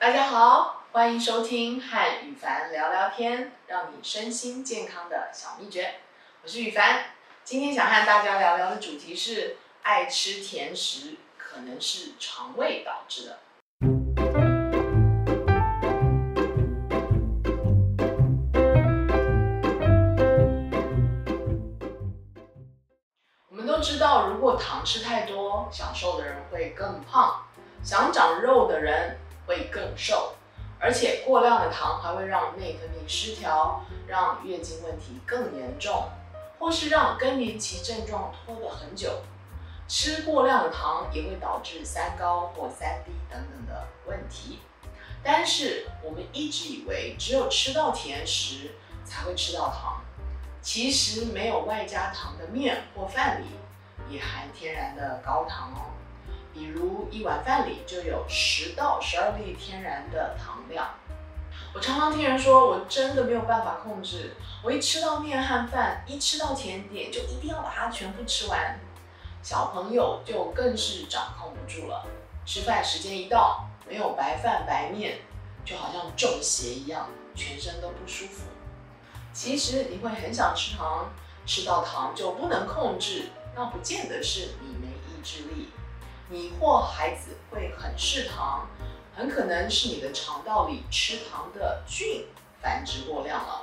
大家好，歡迎收聽和宇凡聊聊天，讓你身心健康的小秘訣。我是宇凡，今天想和大家聊聊的主題是：愛吃甜食，可能是腸胃導致的。我們都知道，如果糖吃太多，想瘦的人會更胖，想長肉的人會更瘦，而且過量的糖還會讓內分泌失調，讓月經問題更嚴重，或是讓更年期症狀拖得很久。吃過量的糖也會導致三高或三低等等的問題。但是我們一直以為只有吃到甜食才會吃到糖，其實沒有外加糖的麵或飯裡也含天然的高糖哦。一碗飯裡就有十到十二粒天然的糖量。我常常聽人說，我真的沒有辦法控制，我一吃到麵和飯，一吃到甜點，就一定要把它全部吃完。小朋友就更是掌控不住了，吃飯時間一到，沒有白飯白麵，就好像中邪一樣，全身都不舒服。其實你會很想吃糖，吃到糖就不能控制，那不見得是你沒意志力。你或孩子會很嗜糖，很可能是你的腸道裡吃糖的菌繁殖過量了。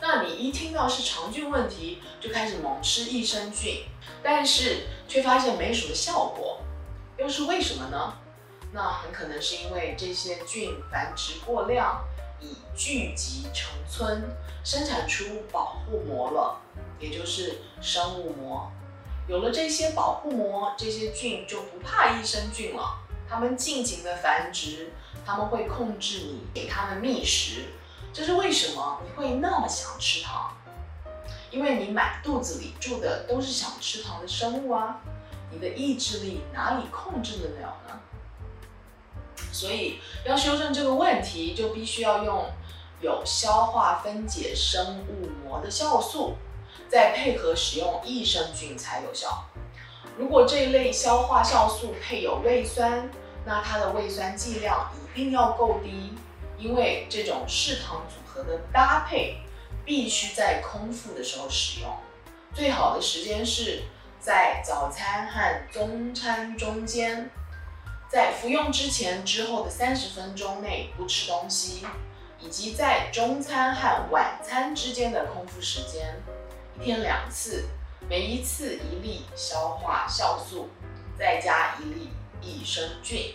那你一聽到是腸菌問題，就開始猛吃益生菌，但是卻發現沒什麼效果，又是為什麼呢？那很可能是因為這些菌繁殖過量，已聚集成村，生產出保護膜了，也就是生物膜。有了這些保護膜，這些菌就不怕益生菌了。它們盡情的繁殖，它們會控制你，給它們覓食。這是為什麼你會那麼想吃糖？因為你滿肚子裡住的都是想吃糖的生物啊！你的意志力哪裡控制得了呢？所以要修正這個問題，就必須要用有消化分解生物膜的酵素。再配合使用益生菌才有效。如果這一類消化酵素配有胃酸，那它的胃酸劑量一定要夠低，因為這種適糖組合的搭配必須在空腹的時候使用，最好的時間是在早餐和中餐中間，在服用之前之後的三十分鐘內不吃東西，以及在中餐和晚餐之間的空腹時間。一天兩次，每一次一粒消化酵素，再加一粒益生菌。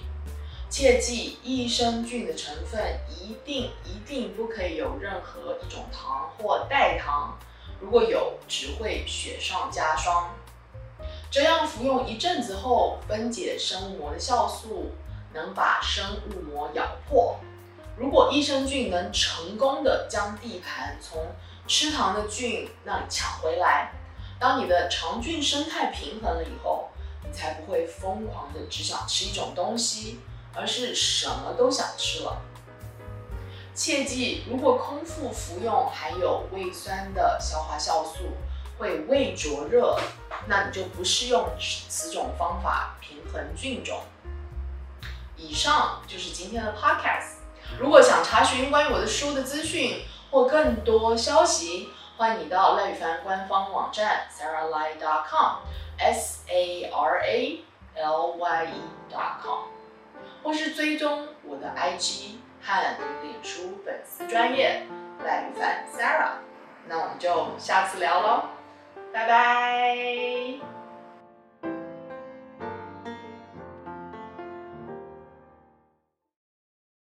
切記，益生菌的成分一定一定不可以有任何一種糖或代糖，如果有，只會雪上加霜。這樣服用一陣子後，分解生物膜的酵素能把生物膜咬破。如果益生菌能成功的將地盤從吃糖的菌那裡搶回來，當你的腸菌生態平衡了以後，你才不會瘋狂的只想吃一種東西，而是什麼都想吃了。切記，如果空腹服用含有胃酸的消化酵素，會胃灼熱，那你就不適用此種方法平衡菌種。以上就是今天的 Podcast。如果想查詢關於我的書的資訊或更多消息，歡迎你到賴宇凡官方網站 saralye.com，s a r a l y e dot com，或是追蹤我的 IG 和臉書粉絲專頁，賴宇凡 Sara。那我們就下次聊嘍，拜拜。